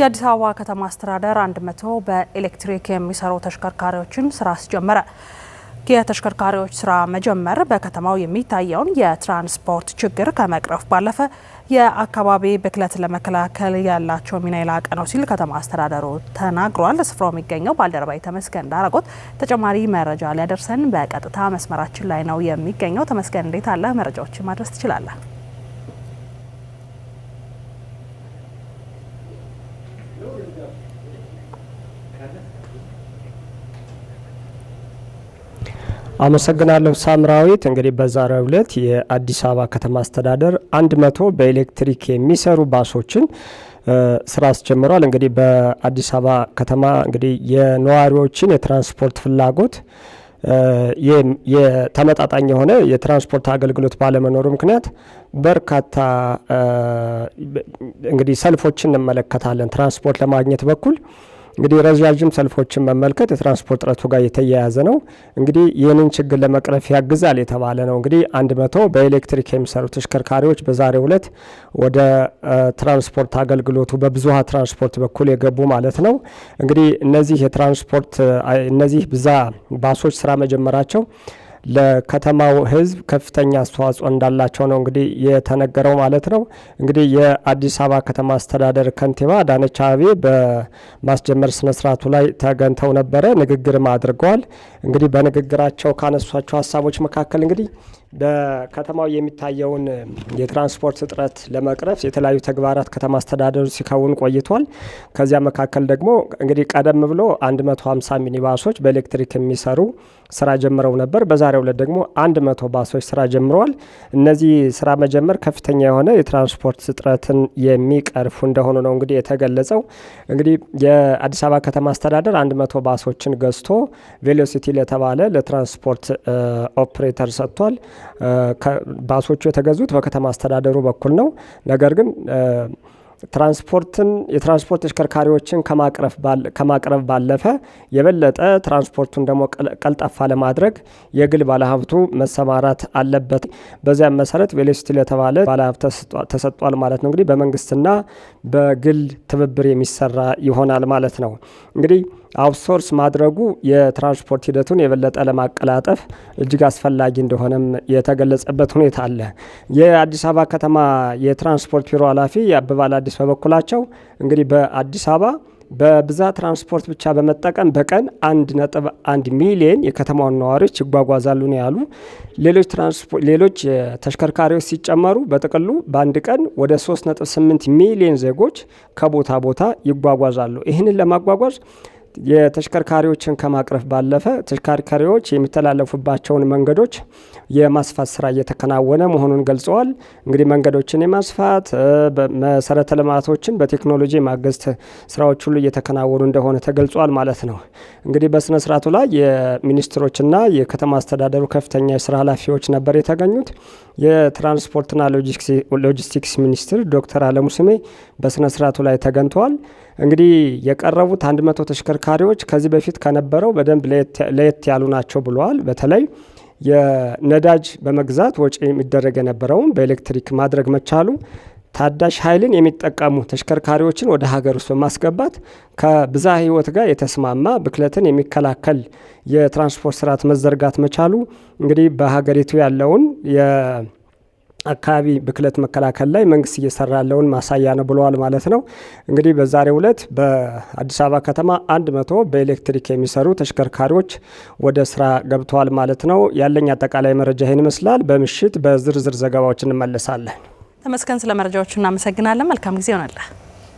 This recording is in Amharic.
የአዲስ አበባ ከተማ አስተዳደር 100 በኤሌክትሪክ የሚሰሩ ተሽከርካሪዎችን ስራ አስጀመረ። የተሽከርካሪዎች ስራ መጀመር በከተማው የሚታየውን የትራንስፖርት ችግር ከመቅረፍ ባለፈ የአካባቢ ብክለት ለመከላከል ያላቸው ሚና የላቀ ነው ሲል ከተማ አስተዳደሩ ተናግሯል። ስፍራው የሚገኘው ባልደረባዊ ተመስገን ዳረጎት ተጨማሪ መረጃ ሊያደርሰን በቀጥታ መስመራችን ላይ ነው የሚገኘው። ተመስገን፣ እንዴት አለ? መረጃዎችን ማድረስ ትችላለን? አመሰግናለሁ ሳምራዊት። እንግዲህ በዛሬው ዕለት የአዲስ አበባ ከተማ አስተዳደር አንድ መቶ በኤሌክትሪክ የሚሰሩ ባሶችን ስራ አስጀምሯል። እንግዲህ በአዲስ አበባ ከተማ እንግዲህ የነዋሪዎችን የትራንስፖርት ፍላጎት የተመጣጣኝ የሆነ የትራንስፖርት አገልግሎት ባለመኖሩ ምክንያት በርካታ እንግዲህ ሰልፎችን እንመለከታለን ትራንስፖርት ለማግኘት በኩል እንግዲህ ረዣዥም ሰልፎችን መመልከት የትራንስፖርት ጥረቱ ጋር የተያያዘ ነው። እንግዲህ ይህንን ችግር ለመቅረፍ ያግዛል የተባለ ነው። እንግዲህ አንድ መቶ በኤሌክትሪክ የሚሰሩ ተሽከርካሪዎች በዛሬው ዕለት ወደ ትራንስፖርት አገልግሎቱ በብዙሃ ትራንስፖርት በኩል የገቡ ማለት ነው። እንግዲህ እነዚህ የትራንስፖርት እነዚህ ብዛ ባሶች ስራ መጀመራቸው ለከተማው ህዝብ ከፍተኛ አስተዋጽኦ እንዳላቸው ነው እንግዲህ የተነገረው ማለት ነው። እንግዲህ የአዲስ አበባ ከተማ አስተዳደር ከንቲባ አዳነች አቤ በማስጀመር ስነስርዓቱ ላይ ተገኝተው ነበረ። ንግግርም አድርገዋል። እንግዲህ በንግግራቸው ካነሷቸው ሀሳቦች መካከል እንግዲህ በከተማው የሚታየውን የትራንስፖርት እጥረት ለመቅረፍ የተለያዩ ተግባራት ከተማ አስተዳደሩ ሲከውን ቆይቷል። ከዚያ መካከል ደግሞ እንግዲህ ቀደም ብሎ 150 ሚኒባሶች በኤሌክትሪክ የሚሰሩ ስራ ጀምረው ነበር። በዛሬው ዕለት ደግሞ 100 ባሶች ስራ ጀምረዋል። እነዚህ ስራ መጀመር ከፍተኛ የሆነ የትራንስፖርት እጥረትን የሚቀርፉ እንደሆኑ ነው እንግዲህ የተገለጸው። እንግዲህ የአዲስ አበባ ከተማ አስተዳደር 100 ባሶችን ገዝቶ ቬሎሲቲ ለተባለ ለትራንስፖርት ኦፕሬተር ሰጥቷል። ባሶቹ የተገዙት በከተማ አስተዳደሩ በኩል ነው። ነገር ግን ትራንስፖርትን የትራንስፖርት ተሽከርካሪዎችን ከማቅረብ ባለፈ የበለጠ ትራንስፖርቱን ደግሞ ቀልጠፋ ለማድረግ የግል ባለሀብቱ መሰማራት አለበት። በዚያም መሰረት ቬሎሲቲ ለተባለ ባለሀብት ተሰጧል ማለት ነው። እንግዲህ በመንግስትና በግል ትብብር የሚሰራ ይሆናል ማለት ነው እንግዲህ አውትሶርስ ማድረጉ የትራንስፖርት ሂደቱን የበለጠ ለማቀላጠፍ እጅግ አስፈላጊ እንደሆነም የተገለጸበት ሁኔታ አለ። የአዲስ አበባ ከተማ የትራንስፖርት ቢሮ ኃላፊ አበባል አዲስ በበኩላቸው እንግዲህ በአዲስ አበባ በብዛት ትራንስፖርት ብቻ በመጠቀም በቀን አንድ ነጥብ አንድ ሚሊየን የከተማውን ነዋሪዎች ይጓጓዛሉ ነው ያሉ። ሌሎች ሌሎች ተሽከርካሪዎች ሲጨመሩ በጥቅሉ በአንድ ቀን ወደ 3 ነጥብ 8 ሚሊየን ዜጎች ከቦታ ቦታ ይጓጓዛሉ። ይህንን ለማጓጓዝ የተሽከርካሪዎችን ከማቅረፍ ባለፈ ተሽከርካሪዎች የሚተላለፉባቸውን መንገዶች የማስፋት ስራ እየተከናወነ መሆኑን ገልጸዋል። እንግዲህ መንገዶችን የማስፋት መሰረተ ልማቶችን በቴክኖሎጂ የማገዝ ስራዎች ሁሉ እየተከናወኑ እንደሆነ ተገልጿል ማለት ነው። እንግዲህ በስነ ስርዓቱ ላይ የሚኒስትሮችና የከተማ አስተዳደሩ ከፍተኛ የስራ ኃላፊዎች ነበር የተገኙት። የትራንስፖርትና ሎጂስቲክስ ሚኒስትር ዶክተር አለሙ ስሜ በስነ ስርዓቱ ላይ ተገኝተዋል። እንግዲህ የቀረቡት 100 ተሽከርካሪ አሽከርካሪዎች ከዚህ በፊት ከነበረው በደንብ ለየት ያሉ ናቸው ብለዋል። በተለይ የነዳጅ በመግዛት ወጪ የሚደረግ የነበረውን በኤሌክትሪክ ማድረግ መቻሉ ታዳሽ ኃይልን የሚጠቀሙ ተሽከርካሪዎችን ወደ ሀገር ውስጥ በማስገባት ከብዝሃ ሕይወት ጋር የተስማማ ብክለትን የሚከላከል የትራንስፖርት ስርዓት መዘርጋት መቻሉ እንግዲህ በሀገሪቱ ያለውን አካባቢ ብክለት መከላከል ላይ መንግስት እየሰራ ያለውን ማሳያ ነው ብለዋል ማለት ነው። እንግዲህ በዛሬው ዕለት በአዲስ አበባ ከተማ አንድ መቶ በኤሌክትሪክ የሚሰሩ ተሽከርካሪዎች ወደ ስራ ገብተዋል ማለት ነው። ያለኝ አጠቃላይ መረጃ ይህን ይመስላል። በምሽት በዝርዝር ዘገባዎች እንመለሳለን። ተመስገን፣ ስለ መረጃዎቹ እናመሰግናለን። መልካም ጊዜ ይሆናል።